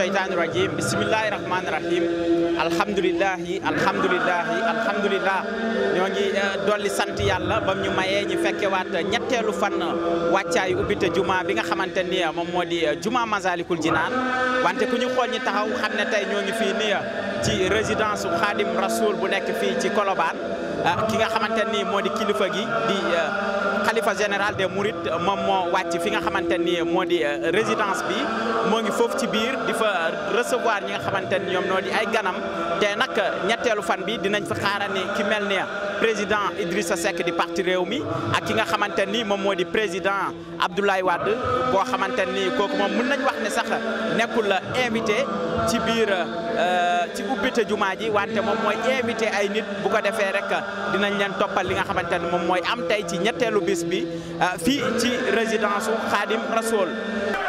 sheytaani rajim bisimillahi rahmaani rahim alhamdulilahi alhamdulilahi alhamdulilah ñoo ngi euh, dolli sant yàlla bam ñu mayee ñu fekkewaat ñetteelu fan wàccaayu ubbite jumaa bi nga xamante ni moom moo di euh, juma Masalikul Jinaan wante ku ñu xool ñi taxaw xam ne tey ñoo ngi fii ni ci résidence bu Xaadim Rasoul bu nekk fii ci Colobane euh, ki nga xamante ni moo di kilifa gi di alifa général de Mourides moom moo wàcc fi nga xamante ni moo di euh, résidence bi moo ngi foofu ci biir di fa euh, recevoir ñi nga xamante ni ñoom noo di ay ganam te nag ñetteelu fan bi dinañ fi xaarani ki mel ni président Idrissa Seck di parti réew mi ak ki nga xamante ni moom moo di président Abdoulaye Wade koo xamante ni kooku moom mën nañ wax ne sax nekkul la invité ci biir euh, ci ubbite jumaa ji wante moom mooy invité ay nit bu ko defee rek dinañ leen toppal li nga xamante ni moom mooy am tey ci ñetteelu bis bi euh, fii ci résidence u Xaadim Rasool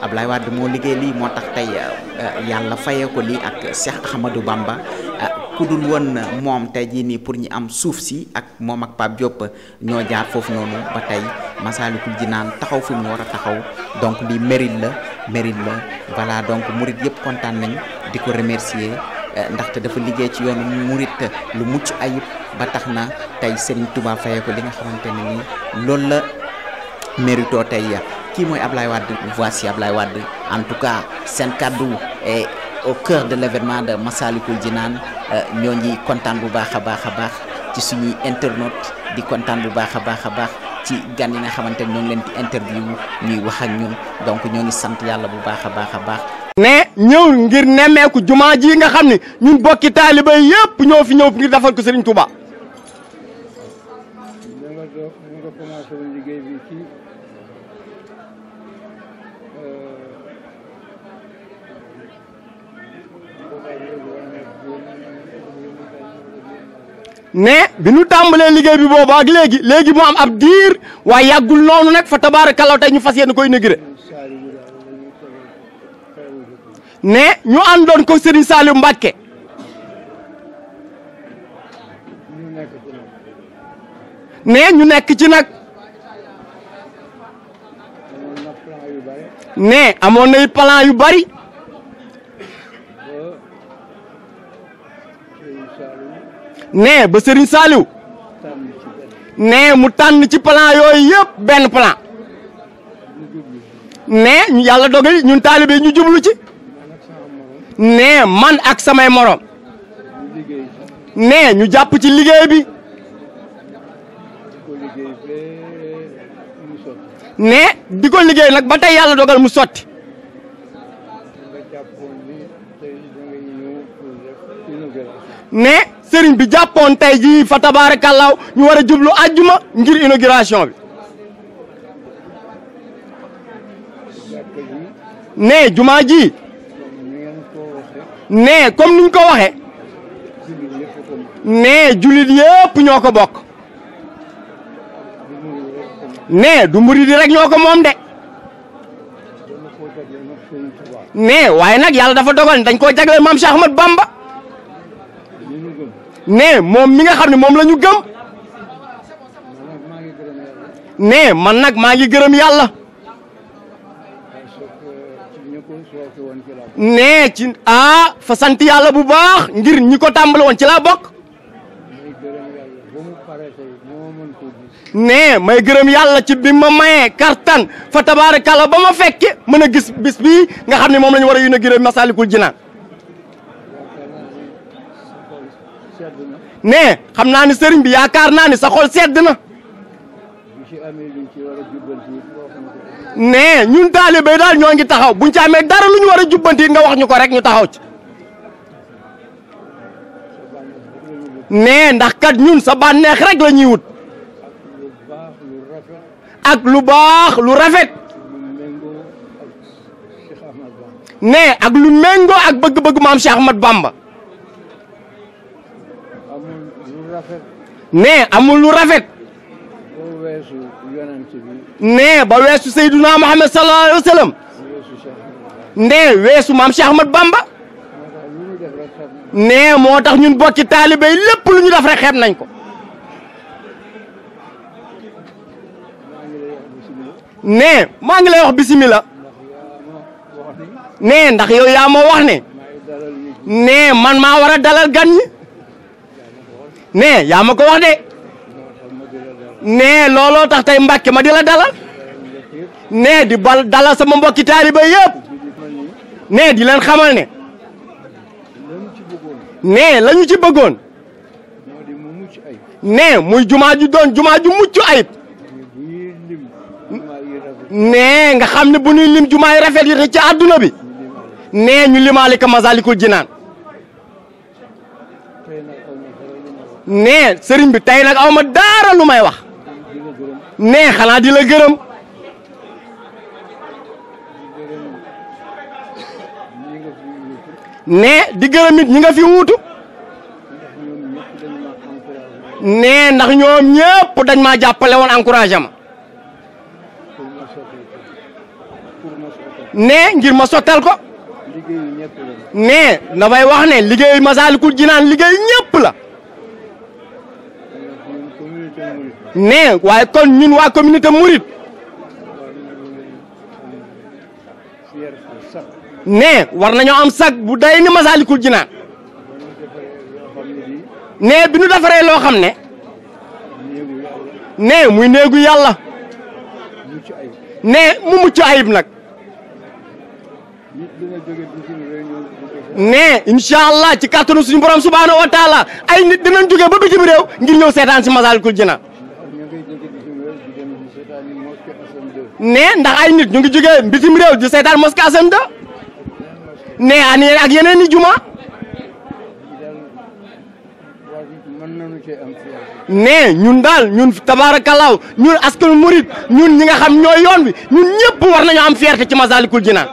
Ablaye Wade moo liggéey lii moo tax tey euh, yàlla fayee ko lii ak Cheikh Ahmadou Bamba euh, ku dul woon moom tey jii nii pour ñu am suuf si ak moom ak Pape Diop ñoo jaar foofu noonu ba tey Masaalikul naan taxaw fu mu war a taxaw donc lii mérit la mérite la voilà donc murit yëpp kontaan nañu di ko remercier euh, ndaxte dafa liggéey ci yoonu murit lu mucc ayib ba tax na tey seen tubaab fayee ko li nga xamante ne nii loolu la mérito tey kii mooy Ablaye Wade voici Ablaye Wade en tout cas seen kàddu et au cœur de l' de Massalikul Jinaan euh, ñoo ngi kontaan bu baax a baax a baax ci suñuy internautes di kontaan bu baax a baax a baax ci gan yi nga xamante ne ñoo ngi leen di interview ñuy wax ak ñun donc ñoo ngi sant yàlla bu baax a baax a baax. mais ñëw ngir nemmeeku jumaa ji nga xam ne ñu bokki taaliba yëpp ñoo fi ñëw ngir defal ko Serigne Touba. mais bi ñu tàmbalee liggéey bi boobu ak léegi léegi mu am ab diir waa yàggul noonu nag fa tabaarakallaa tey ñu fas yéene koy inauguré ne ñu àndoon ko Serigne Saliou Mbacké ne ñu nekk ci nag ne amoon na it plan yu bari nee ba Serigne Saliou nee mu tànn ci plan yooyu yëpp benn plan nee yàlla dogal ñun taalibe ñu jublu ci nee man ak samay moroom nee ñu jàpp ci liggéey bi nee di ko liggéey nag ba tey yàlla dogal mu sotti nee sëriñ bi jàppoon tey jii fa tabaarakallaaw ñu war a jublu àjjuma ngir inauguration bi ne jumaa ji ne comme niñ ko waxe ne jullit yépp ñoo ko bokk ne du murid yi rek ñoo ko moom de ne waaye nag yàlla dafa dogal dañ koo jagleel maam Cheikh Bamba ne moom mi nga xam ne moom la ñu gëm ne man nag maa ngi gërëm yàlla ne ci ah fa sant yàlla bu baax ngir ñi ko tàmbali woon ci laa bokk ne may gërëm yàlla ci bi ma mayee kartan fa tabaarakalla ba ma fekke mën a gis bis bi nga xam ni moom la ñu war a yun a gërëm Masaalikul Jinaan ne xam naa ni sëriñ bi yaakaar naa ni sa xol sedd na ne ñun taalibe daal ñoo ngi taxaw buñ ci amee dara lu ñu war a jubbanti nga wax ñu ko rek ñu taxaw ci ne ndax kat ñun sa bànneex rek la ñuy wut ak lu baax lu rafet ne ak lu méngoo ak bëgg-bëgg maam Cheikh Ahmad Bamba ne amul lu rafet ne ba weesu sayyiduna muhammad sallallahu alaihi wasallam ne weesu maam cheikh ahmad bamba ne moo tax ñun bokki taalibe yi lépp lu ñu def rek xeeb nañ ko ne maa ngi lay wax bisimila ne ndax yow yaa ma wax ne ne man maa war dalal gan ne yaa ma ko wax de ne looloo tax tey Mbàkke ma di la dalal ne di bal dalal sama mbokki taaliba yëpp ne di leen xamal ne ne la ñu ci bëggoon ne muy jumaa ju doon jumaa ju mucc ayib ne nga xam ne bu ñuy lim jumaa yi rafet yi ci àdduna bi ne ñu limaale ka Masalikul Jinaan nee sëriñ bi tey nag aw ma daara lu may wax nee xanaa di la gërëm nee di gërëm it ñi nga fi wuutu nee ndax ñoom ñëpp dañ maa jàppale woon encouragé nee ngir ma sottal ko nee damay wax ne liggéey Masaalikul Jinaan liggéey ñépp la mais waaye kon ñun waa communauté Mouride mais war nañoo am sag bu day ni Masaalikul Jinaan mais bi ñu defaree loo xam ne mais muy néegu yàlla mais mu mucc ayib nag mais incha allah ci kàttanu suñu borom subhaanahu wa taala ay nit dinañ jógee ba bitim réew ngir ñëw seetaan si Masaalikul jinaa ne ndax ay nit ñu ngi jógee bitim réew di seetaan mosquée Assane II ne ak yeneen i juma ne ñun daal ñun tabaarakallaaw ñun askan murit ñun ñi nga xam ñooy yoon wi ñun ñëpp war nañoo am fierté ci ji Jinaan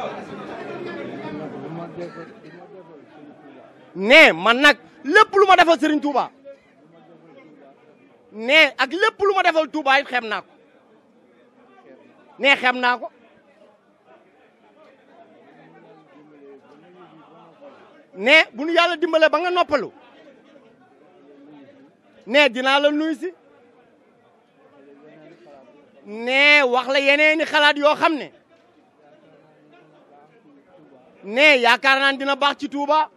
ne man nag lépp lu ma defal Serigne Touba ne ak lépp lu ma defal Touba it xem naa ko ne xam naa ko nee bu ñu yàlla dimbale ba nga noppalu ne dinaa la nuyu si ne wax yeneeni xalaat yoo xam ne ne yaakaar naan dina baax ci Touba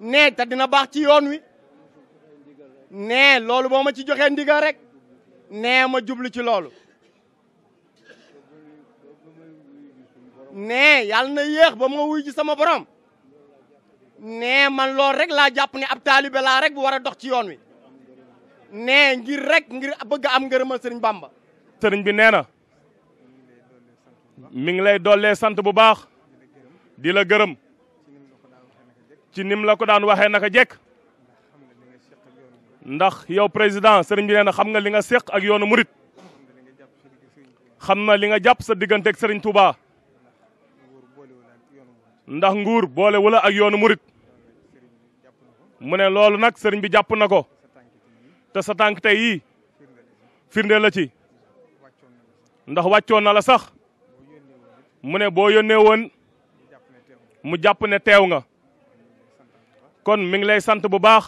ne te dina baax ci yoon wi ne loolu boo ma ci joxe ndigal rek ne ma jublu ci loolu ne yalla na yeex ba mo wuy ci sama borom ne man loolu rek la japp ne ab talibé la rek bu wara dox ci yoon wi ne ngir rek ngir bëgg am ngeureuma serigne Bamba. serigne bi nee na mi ngi lay dolé sante bu baax di la gëreum ci nim la ko daan waxé naka jek ndax yow président serigne bi xam nga li nga séq ak yoonu murit xam na li nga japp sa ak serigne Touba. ndax nguur boole wala ak yoonu murit mu ne loolu nag sëriñ bi jàpp na ko te sa tànk tey yii firnde la ci ndax wàccoon na la sax mu ne boo yónnee woon mu jàpp ne teew nga kon mi ngi lay sant bu baax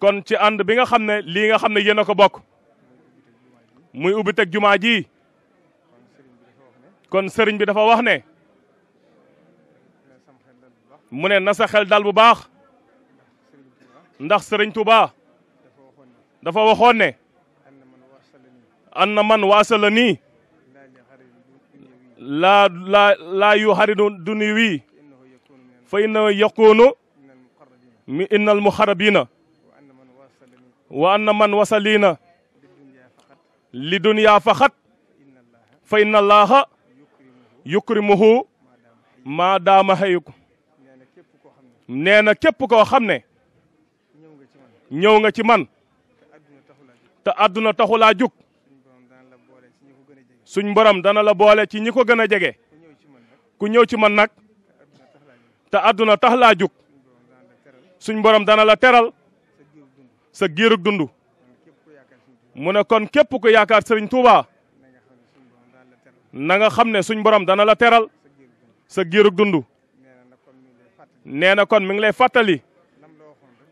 kon ci ànd bi nga xam ne lii nga xam ne yéen a ko bokk muy ubbi teg jumaa ji kon serigne bi dafa wax ne mune na sa xel dal bu bax ndax serigne Touba dafa waxone ne anna man waasala nii laa laa laa yu xaridu duni wii fa inna yakuunu mi innal muxarabina wa anna man wasaliina li duniyaa faxat fa inna allaaha yukrimuhu maa daama hayuk nee na képp koo xam ne ñëw nga ci man te àdduna taxulaa jug suñ mborom dana la boole ci ñi ko gën a jege ku ñëw ci man nag te àdduna tax laa jug suñ mborom dana la teral sa giirug dund mu ne kon képp ku yaakaar sëriñ Tuuba na nga xamne suñ borom dana la teral sa giru dundu nee kon mi ngi lay fatali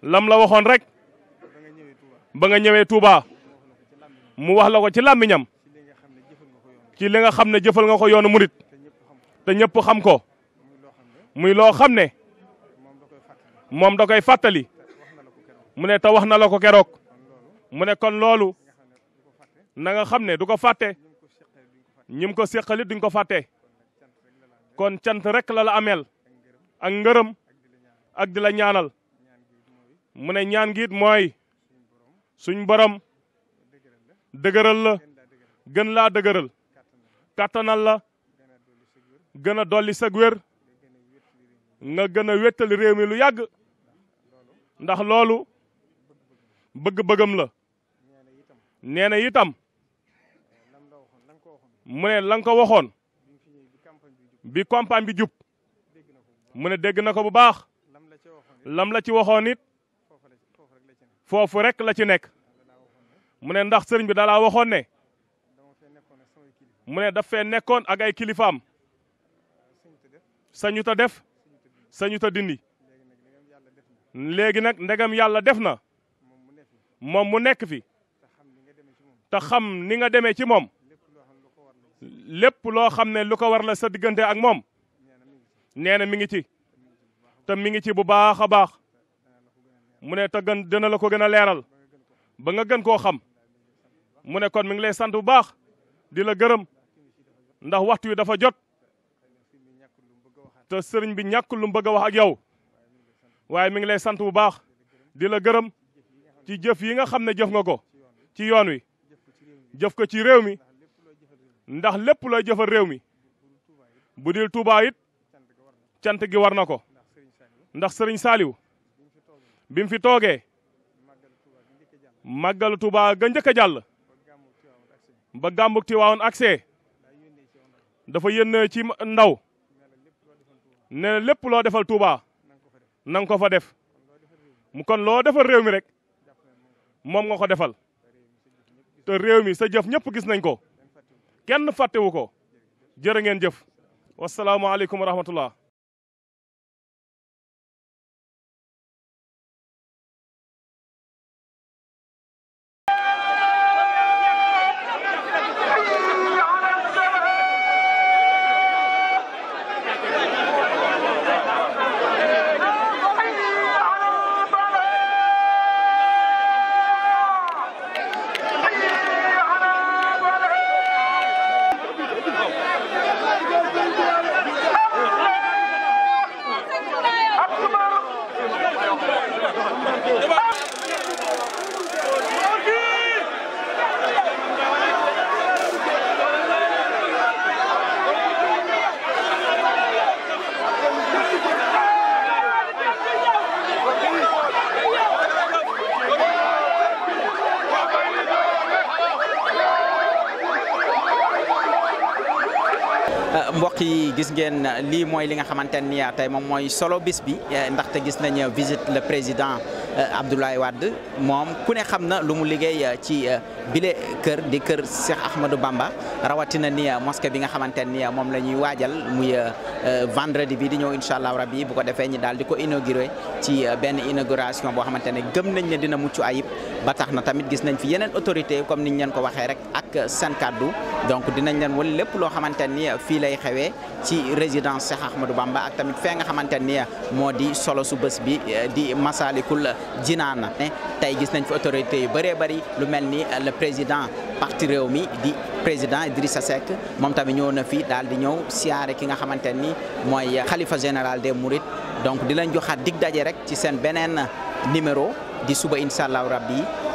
lam la waxon rek ba nga ñëwee Touba mu wax la ko ci làmmiñam ci li nga xamne jëfël nga ko yoonu murit te ñëpp xam ko muy lo xamne mom da koy fatali mu ne ta wax na la ko kérok mu ne kon lolu na nga xamne du ko ñim ko sekkali duñ ko fàtte kon cant rek la la amel ak ngeureum ak dila ñaanal mu ne ñaan giit mooy suñ borom dëgëral la gën laa dëgëral kàttanal la gën a dolli sag nga gën a réew mi lu yàgg ndax loolu bëgg-bëggam la nee na itam mu ne la nga ko waxoon bi campagne bi jub mu ne dégg na ko bu baax lam la ci waxoon it foofu rek la ci nekk mu ne ndax sëriñ bi dalaa waxoon ne mu ne daf fee nekkoon ak ay kilifaam sañu ta def sañu ta dindi léegi nag ndegam yàlla def na moom mu nekk fi te xam ni nga demee ci moom lépp loo xam ne lu ko war la sa diggante ak moom nee na mi ngi ci te mi ngi ci bu baax a baax mu ne te gën dina la ko gën a leeral ba nga gën koo xam mu ne kon mi ngi lay sant bu baax di la gërëm ndax waxtu wi dafa jot te sëriñ bi ñàkkul lu mu bëgg a wax ak yow waaye mi ngi lay sant bu baax di la gërëm ci jëf yi nga xam ne jëf nga ko ci yoon wi jëf ko ci réew mi ndax lépp looy jëfal réew mi bu dil Touba cant gi war na ko ndax sëriñ Saaliw bi mu fi toogee màggalu tubaa ga njëkk a jàll ba gàmbug Tiwaawoon dafa yénn ci ndaw ne lépp loo defal Touba na ko fa def mu kon loo defal réew mi rek moom nga ko defal te réew mi sa jaf ñëpp gis nañ ko kenn fàttewu ko jërë ngeen jëf wasalaamualeykum wa rahmatullah gis ngeen euh, lii mooy li nga xamante ni euh, tey moom mooy solo bis bi euh, ndaxte gis nañu visite le président Abdoulaye Wade moom ku ne xam na lu mu liggéey ci bile kër di kër Cheikh Ahmadou Bamba rawatina ni mosquée bi nga xamante ni moom la ñuy waajal muy vendredi bi di ñëw incha allah rabi bu ko defee ñi daal di ko inauguré ci benn inauguration boo xamante ne gëm nañ ne dina mucc ayib. ba tax na tamit gis nañ fi yeneen autorité comme niñ leen ko waxee rek ak seen kàddu donc dinañ leen wan lépp loo xamante nii fii lay xewee ci résidence ma du Bamba ak tamit fee nga xamante ni moo di solo su bës bi eh, di Masalikul Jinaan tey gis nañ fi autorité yu bëree bëri lu mel ni le président parti réew mi di président Idrissa Seck moom tamit ñëw na fi daal di ñëw siyaare ki nga xamante nii mooy xalifa général des Mourides donc di lañ joxaat dig daje rek ci seen beneen numéro di suba incha allahu rabbi